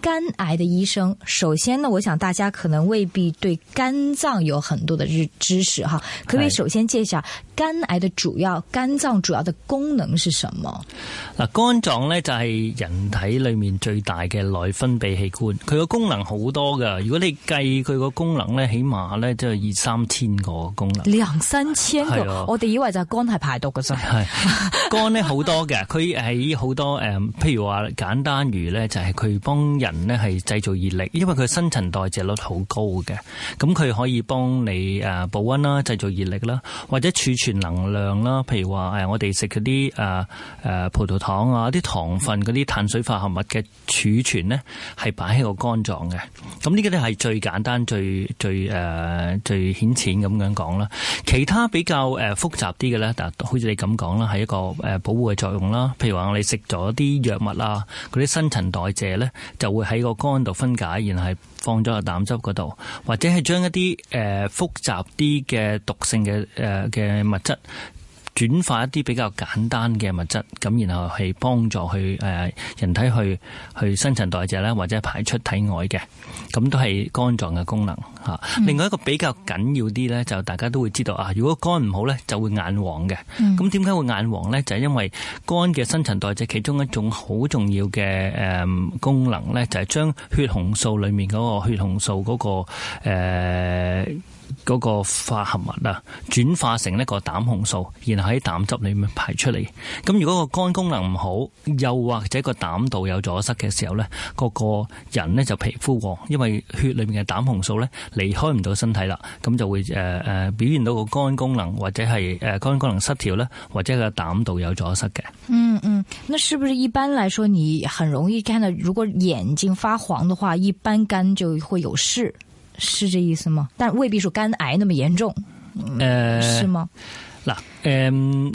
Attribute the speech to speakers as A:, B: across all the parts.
A: 肝癌的醫生，首先呢，我想大家可能未必對肝臟有很多的知識，可唔可以首先介紹肝癌的主要肝臟主要的功能是什麼？
B: 肝臟呢就係人體裏面最大嘅內分泌器官，佢嘅功能好多㗎。如果你計佢個功能呢，起碼呢即係二三千個功能，
A: 兩三千個，是的我哋以為就係肝係排毒嘅
B: 肝呢好多嘅，佢喺好多譬如話簡單如呢，就係佢幫人。咧係製造熱力，因為佢新陳代謝率好高嘅，咁佢可以幫你誒保溫啦、製造熱力啦、或者儲存能量啦。譬如話誒我哋食嗰啲誒誒葡萄糖啊、啲糖分嗰啲碳水化合物嘅儲存咧，係擺喺個肝臟嘅。咁呢個咧係最簡單最最誒最顯淺咁樣講啦。其他比較誒複雜啲嘅咧，嗱好似你咁講啦，係一個誒保護嘅作用啦。譬如話我哋食咗啲藥物啊，嗰啲新陳代謝咧就會會喺個肝度分解，然後係放咗個膽汁嗰度，或者係將一啲誒、呃、複雜啲嘅毒性嘅誒嘅物質。轉化一啲比較簡單嘅物質，咁然後係幫助去誒人體去去新陳代謝啦，或者排出體外嘅，咁都係肝臟嘅功能嚇、嗯、另外一個比較緊要啲咧，就大家都會知道啊，如果肝唔好咧，就會眼黃嘅。咁點解會眼黃咧？就係、是、因為肝嘅新陳代謝其中一種好重要嘅誒功能咧，就係、是、將血紅素裏面嗰個血紅素嗰、那個、呃嗰、那個化合物啊，轉化成呢個膽紅素，然後喺膽汁裏面排出嚟。咁如果個肝功能唔好，又或者個膽道有阻塞嘅時候呢，個個人呢就皮膚黃，因為血裏面嘅膽紅素呢離開唔到身體啦，咁就會誒誒表現到個肝功能或者係誒肝功能失調呢，或者個膽道有阻塞嘅。
A: 嗯嗯，那是不是一般來說，你很容易看到，如果眼睛發黃的話，一般肝就會有事。是這意思嗎？但未必說肝癌那麼嚴重，誒，是嗎？
B: 嗱、呃，誒、呃，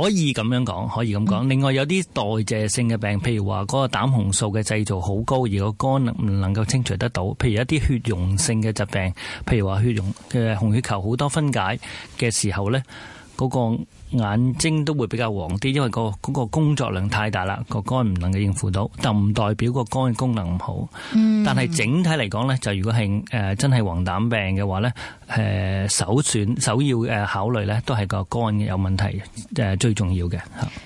B: 可以咁樣講，可以咁講。另外有啲代謝性嘅病，譬如話嗰個膽紅素嘅製造好高，而個肝能唔能夠清除得到？譬如一啲血溶性嘅疾病，譬如話血溶嘅紅血球好多分解嘅時候呢，嗰、嗰個。眼睛都會比較黃啲，因為個個工作量太大啦，個肝唔能夠應付到，就唔代表個肝功能唔好。嗯，但係整體嚟講呢，就如果係誒真係黃疸病嘅話呢，誒首選首要考慮呢都係個肝有問題，誒最重要嘅。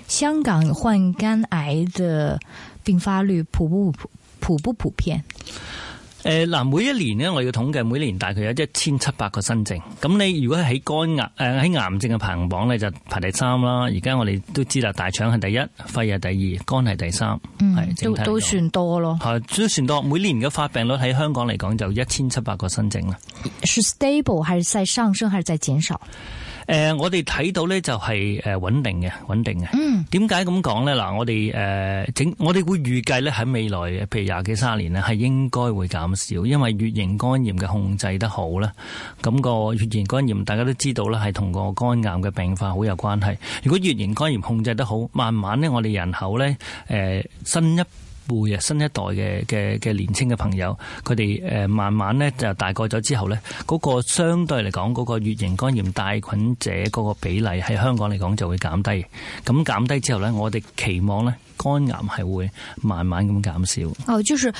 A: 香港患肝癌的病發率普不普，普不普遍？
B: 誒，嗱，每一年咧，我哋統計每年大概有一千七百個新症。咁你如果喺肝癌，誒、呃、喺癌症嘅排行榜咧，你就排第三啦。而家我哋都知啦，大腸係第一，肺係第二，肝係第三，係、嗯、
A: 都都算多咯。
B: 係都算多，每年嘅發病率喺香港嚟講就一千七百個新症啦。
A: 是 stable 還是在上升還是在減少？
B: 誒、呃，我哋睇到咧就係誒穩定嘅，穩定嘅。嗯，點解咁講咧？嗱，我哋誒整，我哋會預計咧喺未來，譬如廿幾卅年咧，係應該會減少，因為乙型肝炎嘅控制得好啦。咁、那個乙型肝炎大家都知道啦，係同個肝癌嘅病發好有關係。如果乙型肝炎控制得好，慢慢咧我哋人口咧誒、呃、新一會啊，新一代嘅嘅嘅年青嘅朋友，佢哋誒慢慢咧就大個咗之後咧，嗰、那個相對嚟講嗰個乙型肝炎帶菌者嗰個比例喺香港嚟講就會減低。咁減低之後咧，我哋期望咧肝癌係會慢慢咁減少。
A: 哦，就是，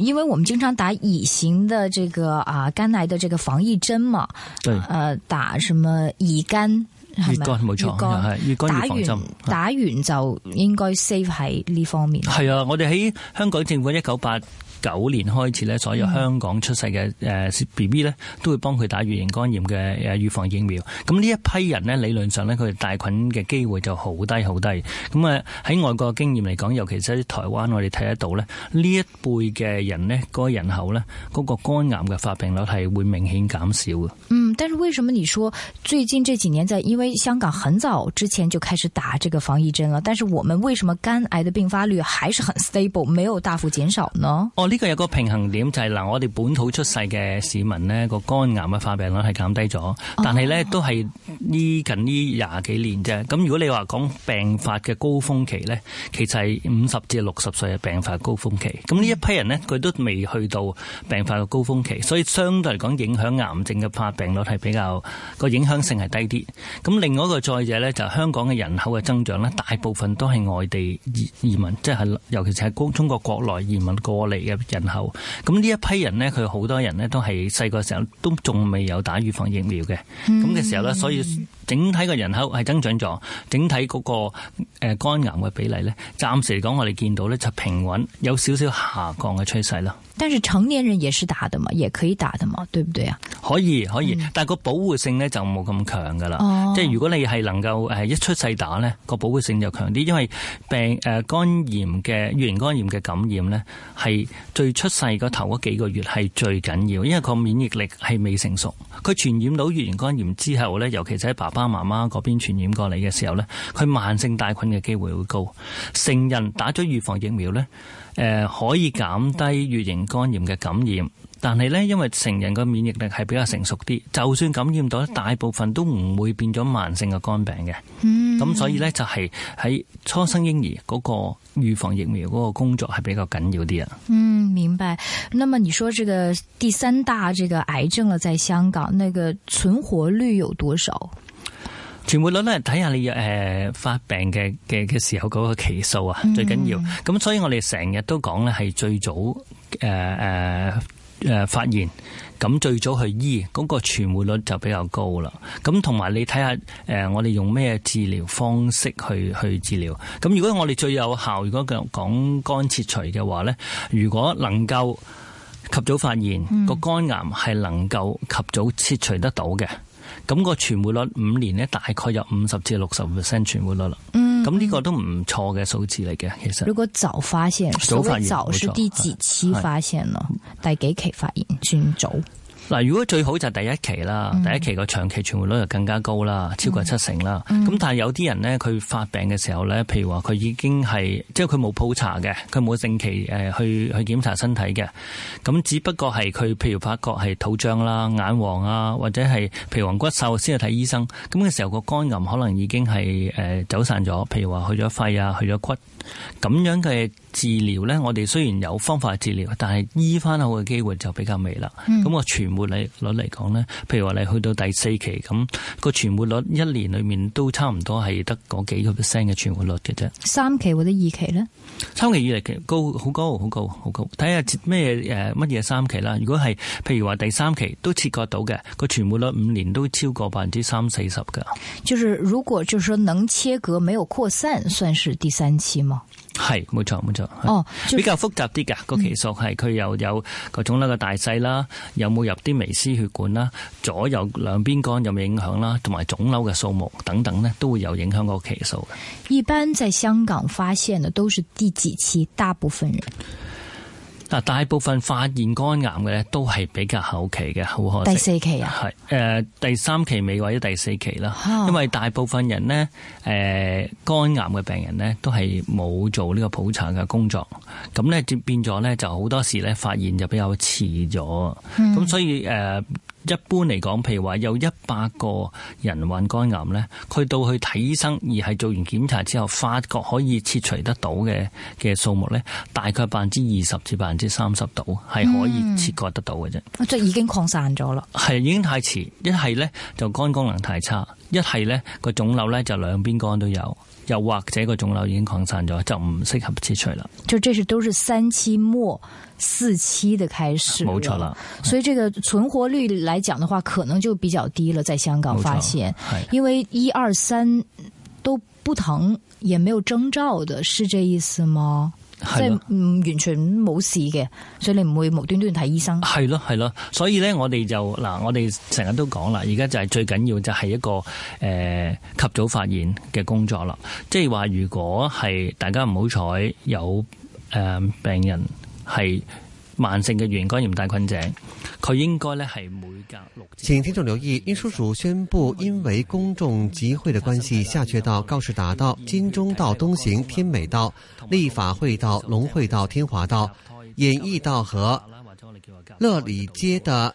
A: 因為我們經常打乙型的這個啊肝癌的這個防疫針嘛，對，呃、啊、打什麼乙肝。越幹冇錯，越幹越放心打。打完就應該 save 喺呢方面。係
B: 啊，我哋喺香港政府一九八九年開始咧，所有香港出世嘅誒 B B 咧，都會幫佢打乙型肝炎嘅誒預防疫苗。咁呢一批人呢，理論上咧，佢帶菌嘅機會就好低好低。咁啊喺外國經驗嚟講，尤其是喺台灣，我哋睇得到咧，呢一輩嘅人呢，嗰、那個、人口呢，嗰、那個肝癌嘅發病率係會明顯減少嘅。
A: 嗯，但是為什麼你說最近這幾年在因為香港很早之前就開始打這個防疫針啦，但是我們為什麼肝癌的病發率還是很 stable，沒有大幅減少呢？
B: 呢個有個平衡點，就係嗱，我哋本土出世嘅市民咧，個肝癌嘅發病率係減低咗，但係咧都係呢近呢廿幾年啫。咁如果你話講病發嘅高峯期咧，其實係五十至六十歲嘅病發高峯期。咁呢一批人咧，佢都未去到病發嘅高峯期，所以相對嚟講，影響癌症嘅發病率係比較個影響性係低啲。咁另外一個再者咧，就香港嘅人口嘅增長咧，大部分都係外地移移民，即係尤其是係高中國國內移民過嚟嘅。人口，咁呢一批人呢，佢好多人呢，都係細個時候都仲未有打預防疫苗嘅咁嘅時候呢，所以整體個人口係增長咗，整體嗰個誒肝癌嘅比例呢，暫時嚟講，我哋見到呢就平穩，有少少下降嘅趨勢咯。
A: 但是成年人也是打的嘛，也可以打的嘛，對不對啊？
B: 可以，可以，嗯、但係個保護性呢就冇咁強噶啦。即係如果你係能夠誒一出世打呢個保護性就強啲。哦，因為病誒、呃、肝炎嘅乙型肝炎嘅感染呢，係最出世個頭嗰幾個月係最緊要，因為個免疫力係未成熟。佢傳染到乙型肝炎之後呢，尤其喺爸爸媽媽嗰邊傳染過嚟嘅時候呢，佢慢性帶菌嘅機會會高。成人打咗預防疫苗呢，誒、呃，可以減低乙型肝炎嘅感染，但係呢，因為成人個免疫力係比較成熟啲,就算感染到，大部分都唔會變咗慢性嘅肝病嘅。嗯，咁所以呢，就係、是、喺初生嬰兒嗰個預防疫苗嗰個工作係比較緊要啲啊。嗯，
A: 明白。那麼你說這個第三大這個癌症啦，在香港，那個存活率有多少？
B: 存活率咧，睇下你誒、呃、發病嘅嘅嘅時候嗰個期數啊，最緊要。咁、嗯、所以我哋成日都講咧，係最早誒誒誒發現，咁最早去醫，嗰、那個存活率就比較高啦。咁同埋你睇下誒、呃，我哋用咩治療方式去去治療？咁如果我哋最有效，如果講講肝切除嘅話咧，如果能夠及早發現、嗯、那個肝癌，係能夠及早切除得到嘅。咁個存活率五年咧，大概有五十至六十 percent 存活率啦。嗯，咁呢個都唔錯嘅數字嚟嘅，其實。如果
A: 早發現，早發現，早是第幾期發現咯？第幾期發現？最、嗯、早？
B: 嗱，如果最好就係第一期啦、嗯，第一期個長期存活率就更加高啦，超過七成啦。咁、嗯、但係有啲人咧，佢發病嘅時候咧，譬如話佢已經係即係佢冇普查嘅，佢冇定期誒去去檢查身體嘅。咁只不過係佢譬如發覺係肚脹啦、眼黃啊，或者係皮黃骨瘦先去睇醫生。咁嘅時候個肝癌可能已經係誒走散咗，譬如話去咗肺啊、去咗骨。咁樣嘅治療咧，我哋雖然有方法治療，但係醫翻好嘅機會就比較微啦。咁、嗯、我全。存活率嚟講咧，譬如話你去到第四期咁個存活率，一年裏面都差唔多係得嗰幾個 percent 嘅存活率嘅啫。
A: 三期或者二期咧？
B: 三期以嚟高好高，好高，好高。睇下咩誒乜嘢三期啦。如果係譬如話第三期都切割到嘅個存活率，五年都超過百分之三四十噶。
A: 就是如果就是說能切割，沒有擴散，算是第三期嗎？
B: 係冇錯冇錯哦、就是，比較複雜啲㗎個期數係佢又有個腫瘤嘅大細啦、嗯，有冇入啲微絲血管啦，左右兩邊肝有冇影響啦，同埋腫瘤嘅數目等等咧，都會有影響個期數。
A: 一般在香港發現嘅都是第幾期？大部分人。
B: 嗱，大部分發現肝癌嘅咧，都係比較後期嘅，好可惜。第四期啊，係誒、呃、第三期尾或者第四期啦，因為大部分人咧誒、呃、肝癌嘅病人咧，都係冇做呢個普查嘅工作，咁咧變變咗咧就好多時咧發現就比較遲咗，咁、嗯、所以誒。呃一般嚟講，譬如話有一百個人患肝癌呢，佢到去睇醫生，而係做完檢查之後，發覺可以切除得到嘅嘅數目呢，大概百分之二十至百分之三十到，係可以切割得到嘅啫、嗯。
A: 即係已經擴散咗咯。
B: 係已經太遲，一係呢，就肝功能太差，一係呢，個腫瘤呢，就兩邊肝都有。又或者個腫瘤已經擴散咗，就唔適合切除啦。
A: 就這是都是三期末，四期的開始了，冇錯啦。所以這個存活率來講的話，可能就比較低了。在香港發現，因為一二三都不疼，也沒有徵兆的，是這意思嗎？即係唔完全冇事嘅，所以你唔會無端端睇醫生。
B: 係咯係咯，所以咧我哋就嗱，我哋成日都講啦，而家就係最緊要就係一個誒、呃、及早發現嘅工作啦。即係話如果係大家唔好彩有誒病人係。慢性嘅肝炎帶菌者，佢應該呢係每隔六。請聽眾留意，運輸署宣布，因為公眾集會嘅關係，夏愨道、告士打道、金鐘道東行、添美道、立法會道、龍匯道、添華道、演藝道和樂禮街的。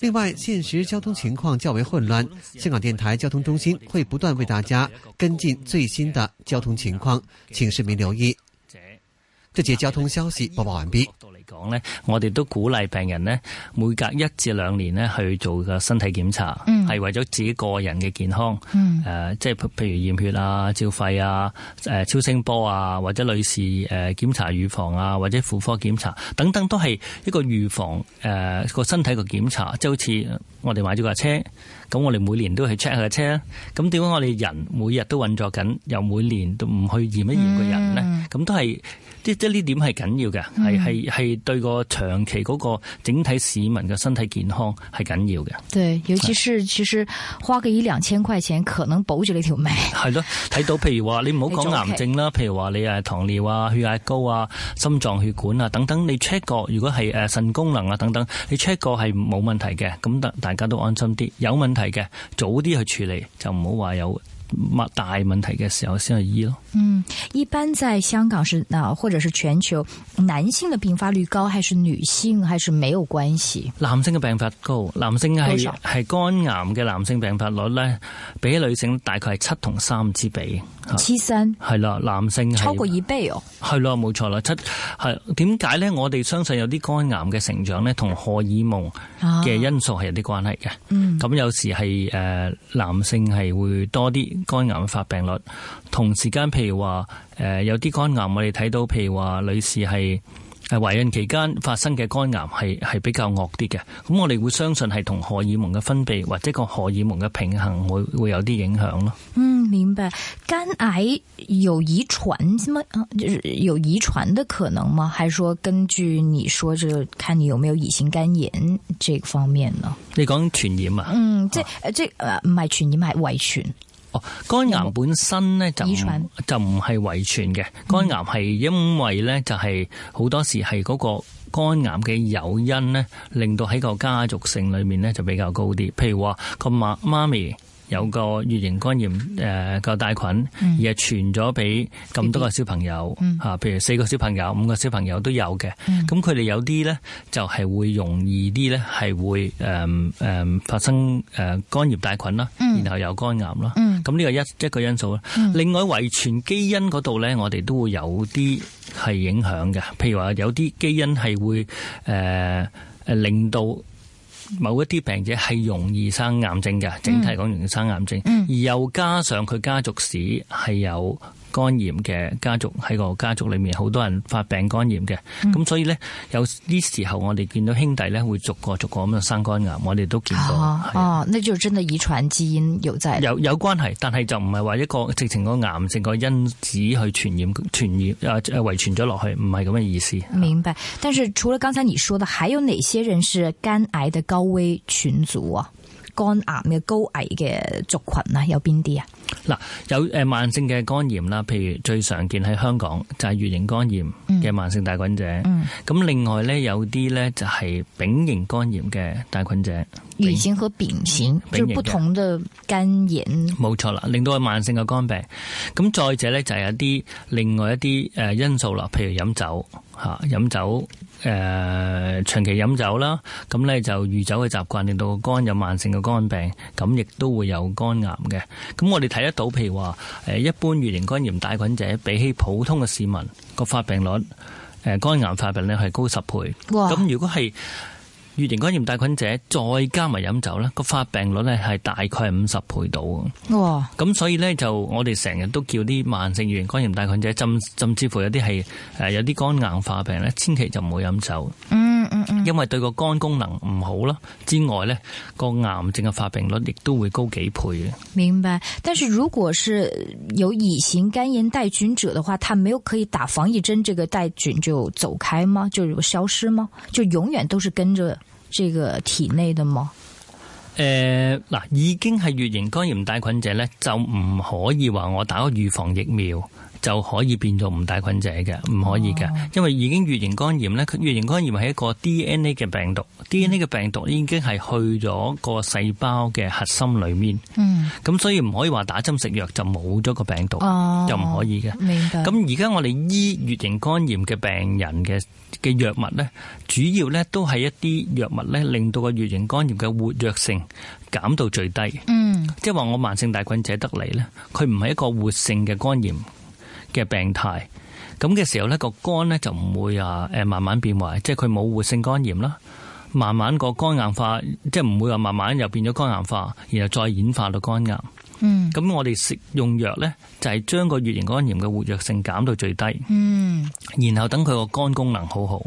B: 另外，現時交通情況較為混亂，香港電台交通中心會不斷為大家跟進最新的交通情況，請市民留意。這節交通消息播報完畢。嗯。到嚟講呢，我哋都鼓勵病人呢，每隔一至兩年呢去做個身體檢查。係為咗自己個人嘅健康，誒、呃，即係譬如驗血啊、照肺啊、誒、呃、超聲波啊，或者女士誒、呃、檢查乳房啊，或者婦科檢查等等，都係一個預防誒個、呃、身體嘅檢查。即係好似我哋買咗架車，咁我哋每年都去 check 下架車啦。咁點解我哋人每日都運作緊，又每年都唔去驗一驗個人咧？咁都係即即呢點係緊要嘅，係係係對個長期嗰個整體市民嘅身體健康係緊要嘅。
A: 對，尤其是。就是花個一兩千塊錢，可能保住你條命，
B: 係咯，睇到譬如話你唔好講癌症啦，譬如話你誒糖尿啊、血壓高啊、心臟血管啊等等，你 check 過如果係誒腎功能啊等等，你 check 過係冇問題嘅，咁等大家都安心啲。有問題嘅早啲去處理，就唔好話有。擘大問題嘅時候先去醫咯。嗯，
A: 一般在香港是啊，或者是全球，男性嘅病發率高，還是女性，還是沒有關係？
B: 男性嘅病發高，男性係係肝癌嘅男性病發率咧，比起女性大概係七同三之比。七三係啦，男性係超過一倍哦。係啦，冇錯啦，七係點解咧？我哋相信有啲肝癌嘅成長咧，同荷爾蒙嘅因素係有啲關係嘅，啊。嗯，咁有時係誒、呃、男性係會多啲。肝癌發病率，同時間譬如話，誒有啲肝癌我哋睇到，譬如話女士係係懷孕期間發生嘅肝癌係係比較惡啲嘅，咁我哋會相信係同荷爾蒙嘅分泌或者個荷爾蒙嘅平衡會會有啲影響咯。嗯，
A: 明白。肝癌有遺傳嗎？有遺傳的可能嗎？還是說根據你說，就看你有沒有乙型肝炎這個方面呢？
B: 你講傳染啊？嗯，
A: 即係即係唔係傳染，係遺傳。啊
B: 肝、哦、癌本身咧就不就唔係遺傳嘅，肝、嗯、癌係因為咧就係好多時係嗰個肝癌嘅誘因咧，令到喺個家族性裏面咧就比較高啲。譬如話個媽媽咪有個乙型肝炎誒個帶菌，嗯、而係傳咗俾咁多個小朋友吓、嗯，譬如四個小朋友、五個小朋友都有嘅。咁佢哋有啲咧就係會容易啲咧係會誒誒發生誒肝炎帶菌啦、嗯，然後有肝癌啦。咁呢個一一個因素、嗯、另外遺傳基因嗰度咧，我哋都會有啲係影響嘅，譬如話有啲基因係會誒、呃、令到某一啲病者係容易生癌症嘅，整體講容易生癌症，嗯、而又加上佢家族史係有。肝炎嘅家族喺個家族裏面好多人發病肝炎嘅，咁、嗯、所以呢，有啲時候我哋見到兄弟呢會逐個逐個咁樣生肝癌，我哋都見過、
A: 啊。哦，那就真係遺傳基因有在，
B: 有有關係，但係就唔係話一個直情個癌症個因子去傳染傳染啊啊遺傳咗落去，唔係咁嘅意思。
A: 明白。但是除了剛才你說的，還有哪些人是肝癌的高危群組啊？肝癌嘅高危嘅族群啊，有邊啲啊？
B: 嗱，有誒慢性嘅肝炎啦，譬如最常見喺香港就係乙型肝炎嘅慢性帶菌者。嗯，咁、嗯、另外咧有啲咧就係丙型肝炎嘅帶菌者。乙型和丙型，就是、不同
A: 嘅肝炎。
B: 冇錯啦，令到佢慢性嘅肝病。咁再者咧就係一啲另外一啲誒因素啦，譬如飲酒吓，飲酒。誒、呃、長期飲酒啦，咁咧就酗酒嘅習慣令到肝有慢性嘅肝病，咁亦都會有肝癌嘅。咁我哋睇得到，譬如話，誒一般乙型肝炎帶菌者比起普通嘅市民，個發病率，肝癌發病率係高十倍。咁如果係乙型肝炎帶菌者再加埋飲酒咧，個發病率咧係大概係五十倍到嘅。哇！咁所以咧就我哋成日都叫啲慢性乙型肝炎帶菌者，甚甚至乎有啲係誒有啲肝硬化病咧，千祈就唔好飲酒。嗯因為對個肝功能唔好啦，之外呢個癌症嘅發病率亦都會高幾倍嘅。
A: 明白，但是如果是有乙型肝炎帶菌者的話，他沒有可以打防疫針，這個帶菌就走開嗎？就消失嗎？就永遠都是跟着這個體內的嗎？
B: 誒，嗱，已經係乙型肝炎帶菌者呢，就唔可以話我打個預防疫苗。就可以變做唔帶菌者嘅，唔可以嘅，因為已經乙型肝炎咧。乙型肝炎係一個 D N A 嘅病毒、嗯、D N A 嘅病毒已經係去咗個細胞嘅核心裏面。嗯，咁所以唔可以話打針食藥就冇咗個病毒，嗯、就唔可以嘅。明白，咁而家我哋醫乙型肝炎嘅病人嘅嘅藥物咧，主要咧都係一啲藥物咧，令到個乙型肝炎嘅活躍性減到最低。嗯，即係話我慢性帶菌者得嚟咧，佢唔係一個活性嘅肝炎。嘅病態，咁嘅時候呢個肝呢，就唔會啊，誒慢慢變壞，即係佢冇活性肝炎啦，慢慢個肝硬化，即係唔會話慢慢又變咗肝硬化，然後再演化到肝癌。嗯，咁我哋食用藥咧，就係將個乙型肝炎嘅活躍性減到最低，嗯，然後等佢個肝功能好好，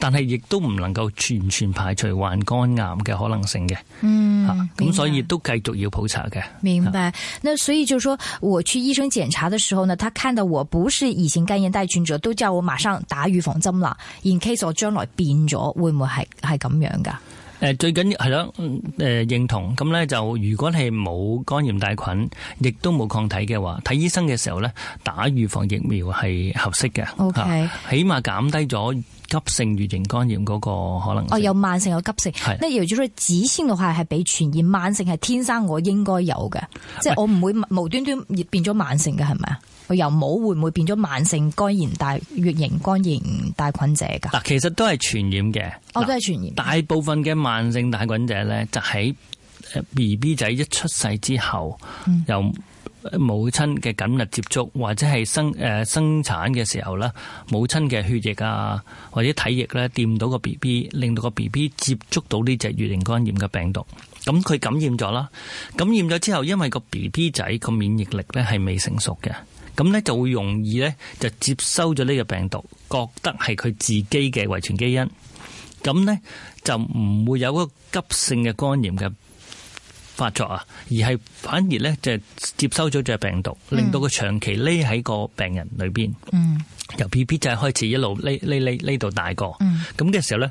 B: 但係亦都唔能夠全全排除患肝癌嘅可能性嘅，
A: 嗯，咁、啊、所以
B: 也都繼續要普查嘅。
A: 明白、啊。那所以就說，我去醫生檢查嘅時候呢，他看到我不是乙型肝炎帶菌者，都叫我馬上打預防針啦。In case 我將來變咗，會唔會係係咁樣噶？
B: 誒，最緊要係咯，誒認同咁咧，就如果係冇肝炎帶菌，亦都冇抗體嘅話，睇醫生嘅時候咧，打預防疫苗係合適嘅。Okay，起碼減低咗。急性乙型肝炎嗰個可能哦，有
A: 慢性有急性，呢如紫是，最初子先嘅話係俾傳染慢性係天生我應該有嘅、哎，即係我唔會無端端變咗慢性嘅係咪啊？我又冇會唔會變咗慢性肝炎帶乙型肝炎帶菌者噶？嗱，
B: 其實都係傳染嘅，哦，都係傳染。大部分嘅慢性帶菌者咧，就喺 B B 仔一出世之後、嗯、由。母親嘅緊密接觸，或者係生誒、呃、生產嘅時候啦，母親嘅血液啊，或者體液呢、啊、掂到個 B B，令到個 B B 接觸到呢隻乙型肝炎嘅病毒，咁佢感染咗啦。感染咗之後，因為個 B B 仔個免疫力呢係未成熟嘅，咁呢就會容易呢就接收咗呢個病毒，覺得係佢自己嘅遺傳基因，咁呢就唔會有個急性嘅肝炎嘅。發作啊，而係反而咧就係接收咗隻病毒，令到佢長期匿喺個病人裏邊、嗯，由 B B 就係開始一路匿匿匿匿到大個，咁、嗯、嘅時候咧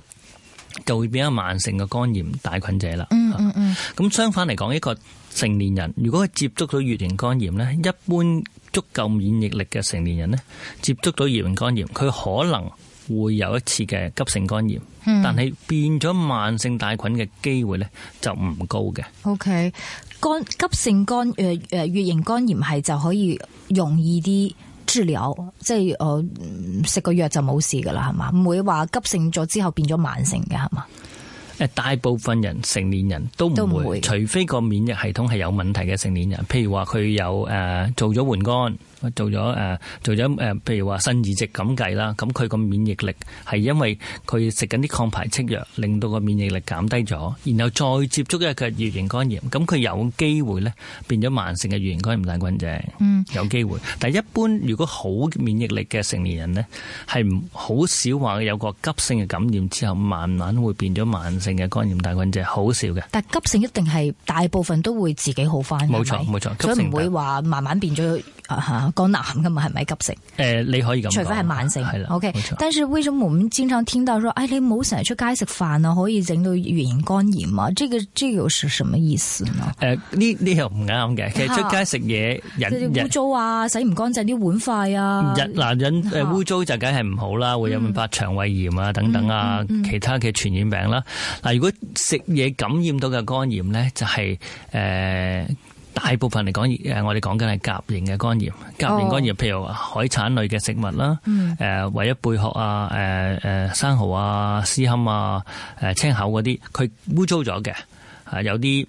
B: 就會變咗慢性嘅肝炎帶菌者啦。咁、嗯嗯嗯、相反嚟講，一個成年人如果佢接觸到乙型肝炎咧，一般足夠免疫力嘅成年人咧接觸到乙型肝炎，佢可能。會有一次嘅急性肝炎，嗯、但係變咗慢性帶菌嘅機會咧就唔高嘅。
A: O K，肝急性肝誒誒、呃，乙型肝炎係就可以容易啲治療，即係我食個藥就冇事噶啦，係嘛？唔會話急性咗之後變咗慢性嘅，係嘛？
B: 誒、呃，大部分人成年人都唔會，都唔會，除非個免疫系統係有問題嘅成年人，譬如話佢有誒、呃、做咗換肝。做咗誒，做咗誒，譬如話腎移植咁計啦，咁佢個免疫力係因為佢食緊啲抗排斥藥，令到個免疫力減低咗，然後再接觸一個乙型肝炎，咁佢有機會咧變咗慢性嘅乙型肝炎大菌症。嗯，有機會。但係一般如果好免疫力嘅成年人咧，係好少話有個急性嘅感染之後，慢慢會變咗慢性嘅肝炎大菌症，好少嘅。
A: 但係急性一定係大部分都會自己好翻嘅，冇錯冇錯。錯錯，急性所以唔會話慢慢變咗。講男噶嘛係咪急性？
B: 誒、呃，你可以咁講，除非係慢性。係、啊、啦，OK，冇錯。
A: 但是為什麼我們經常聽到說，誒、哎，你唔好成日出街食飯啊，可以整到乙型肝炎啊？這個這個又是什麼意思呢？
B: 誒、呃，呢呢又唔啱嘅。其實出街食嘢，人污糟
A: 啊，洗唔乾淨啲碗筷
B: 啊。人誒污糟就梗係唔好啦、嗯，會有引發腸胃炎啊等等啊，嗯嗯嗯、其他嘅傳染病啦、啊。嗱、呃，如果食嘢感染到嘅肝炎咧，就係、是、誒。呃大部分嚟講，我哋講緊係甲型嘅肝炎，甲型肝炎譬如海產類嘅食物啦，誒為一貝殼啊、呃呃，生蠔啊、絲坎啊、呃、青口嗰啲，佢污糟咗嘅，有啲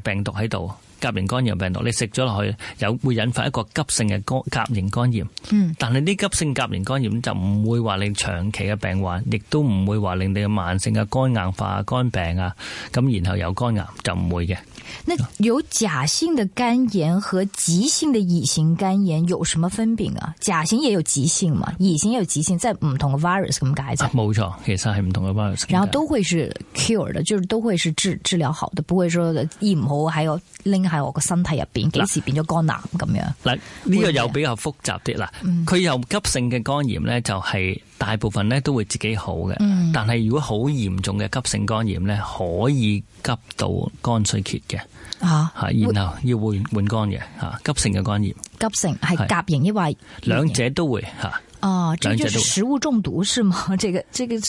B: 病毒喺度。甲型肝炎病毒，你食咗落去有會引發一個急性嘅肝甲型肝炎，嗯、但係呢急性甲型肝炎就唔會話令長期嘅病患，亦都唔會話令你嘅慢性嘅肝硬化、肝病啊，咁然後有肝癌就唔會嘅。
A: 有假性的肝炎和急性的乙型肝炎有什麼分別啊？甲型也有急性嘛？乙型也有急性？即係唔同嘅 virus 咁解啫？
B: 冇、啊、錯，其實係唔同嘅 virus 的。然
A: 後都會是 cure 嘅，就是、都會是治治療好的，不會說易謀，還有另係我個身體入邊，幾時變咗肝癌咁、啊、樣？
B: 嗱、啊、呢、這個又比較複雜啲啦。佢由急性嘅肝炎咧，就係大部分咧都會自己好嘅、嗯。但係如果好嚴重嘅急性肝炎咧，可以急到肝衰竭嘅
A: 吓吓，然後
B: 要換換肝嘅吓。急性嘅肝炎，
A: 急性係甲型抑或，兩者
B: 都會吓。啊啊、哦，這就食
A: 物中毒是嗎？這個，這個，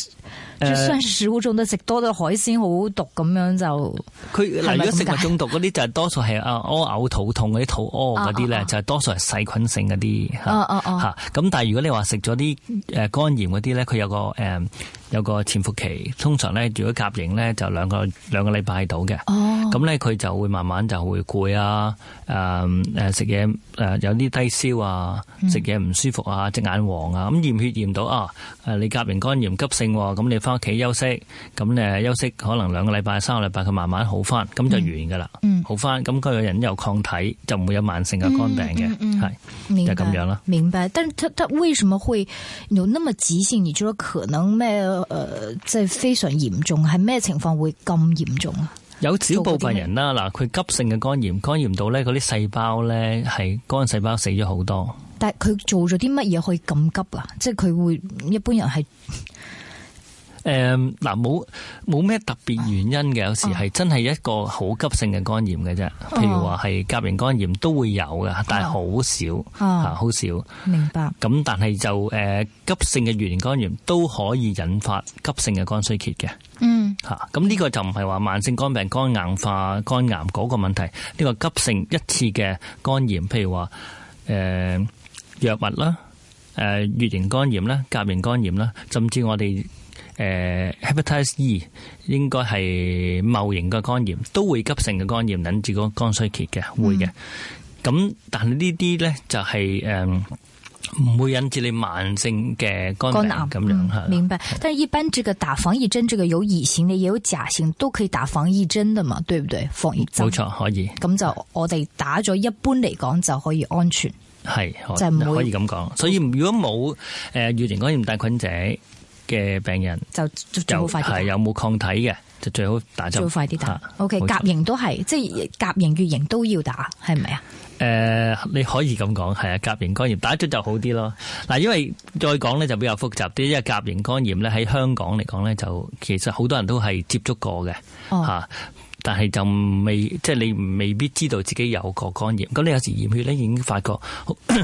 A: 算是食物中毒，呃、食多咗海鮮好毒咁樣就。佢，如果食物中
B: 毒嗰啲就多數係啊屙嘔、肚痛嗰啲、肚屙嗰啲呢，啊、就係、多數係細菌性嗰啲。哦、啊、咁、啊啊、但係如果你話食咗啲肝炎嗰啲呢，佢有個、呃、有個潛伏期，通常呢，如果甲型呢，就兩個兩個禮拜到嘅。啊咁咧，佢就會慢慢就會攰啊，誒誒食嘢誒有啲低燒啊，食嘢唔舒服啊，隻、嗯、眼黃啊，咁驗血驗到啊，誒你甲型肝炎急性、啊，咁你翻屋企休息，咁咧休，休息可能兩個禮拜、三個禮拜佢慢慢好翻，咁就完噶啦，好、嗯、翻，咁佢個人有抗體，嗯、就唔會有慢性嘅肝病嘅，係、嗯嗯嗯、就咁、是、樣啦。
A: 明白，但是佢為什麼會有那麼急性？你覺得可能咩？誒、呃，即係非常嚴重，係咩情況會咁嚴重啊？
B: 有少部分人啦，嗱，佢急性嘅肝炎，肝炎到咧，嗰啲細胞咧係肝細胞死咗好多。
A: 但係佢做咗啲乜嘢可以咁急啊？即係佢會一般人係
B: 誒，嗱、嗯，冇冇咩特別原因嘅，有時係真係一個好急性嘅肝炎嘅啫。譬如話係甲型肝炎都會有嘅，但係好少啊，好、啊、好少。
A: 明白。
B: 咁但係就誒、呃，急性嘅乙型肝炎都可以引發急性嘅肝衰竭嘅。嗯吓，咁呢個就唔係話慢性肝病、肝硬化、肝癌嗰個問題，呢、這個急性一次嘅肝炎，譬如話誒、呃、藥物啦、誒乙型肝炎啦、甲型肝炎啦，甚至我哋誒、呃、hepatitis E，應該係戊型嘅肝炎都會急性嘅肝炎引致個肝衰竭嘅會嘅。咁、嗯、但係呢啲咧就係、是、誒。嗯唔會引致你慢性嘅肝，肝癌咁樣吓、嗯，明
A: 白？但係一般這個打防疫針，這個有乙型嘅，也有甲型，都可以打防疫針㗎嘛，對唔對？防疫針冇錯，可以。咁就我哋打咗，一般嚟講就可以安全。
B: 係，就唔可以咁講。所以如果冇誒，乙型肝炎帶菌者嘅病人，就就冇發。係有冇抗體嘅？就最好打針，快啲打。啊、o、okay, K，甲型
A: 都係，即係甲型乙型都要打，係咪
B: 啊？誒、呃，你可以咁講，係啊，甲型肝炎打一針就好啲咯。嗱，因為再講咧就比較複雜啲，因為甲型肝炎咧喺香港嚟講咧就其實好多人都係接觸過嘅，吓、哦啊，但係就未即係、就是、你未必知道自己有過肝炎。咁你有時驗血咧已經發覺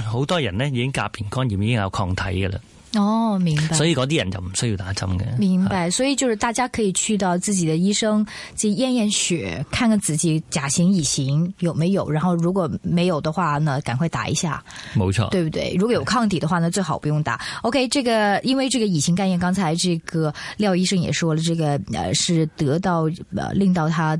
B: 好多人咧已經甲型肝炎已經有抗體噶啦。
A: 哦，明白。所以
B: 嗰啲人就唔需要打針嘅。
A: 明白、嗯，所以就是大家可以去到自己的醫生，去驗驗血，看看自己甲型乙型有沒有。然後如果沒有的話呢，呢趕快打一下。冇錯，對不對？如果有抗體的話呢，呢最好不用打。OK，這個因為這個乙型肝炎，剛才這個廖醫生也說了，這個呃是得到，呃、令到他。